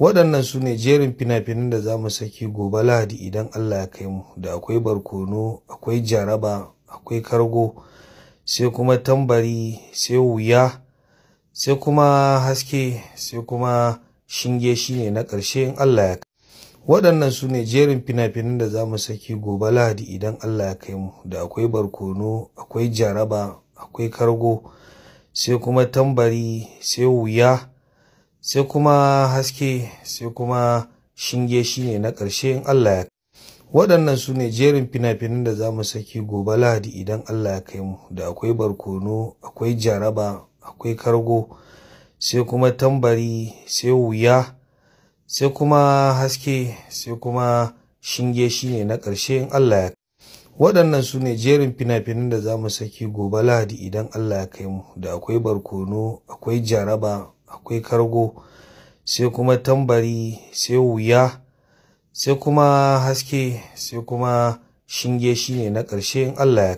waɗannan su ne jerin fina-finan da za mu saki gobe lahadi idan allah ya kai mu da akwai barkono akwai jaraba akwai kargo sai kuma tambari sai wuya sai kuma haske sai kuma shinge shine na ƙarshe in allah ya kai waɗannan su ne jerin fina-finan da za mu saki gobe lahadi idan allah ya kai mu da akwai barkono akwai jaraba akwai kargo sai kuma tambari sai wuya sai kuma haske sai kuma shinge shine na ƙarshe in Allah ya waɗannan su ne jerin fina-finan da za mu saki gobe lahadi idan Allah ya kai mu da akwai barkono akwai jaraba akwai kargo sai kuma tambari sai wuya sai kuma haske sai kuma shinge shine na ƙarshe in Allah ya waɗannan su ne jerin fina-finan da za mu saki gobe lahadi idan Allah ya kai mu da akwai barkono akwai jaraba akwai kargo sai kuma tambari sai wuya sai kuma haske sai kuma shinge shine na ƙarshe in Allah ya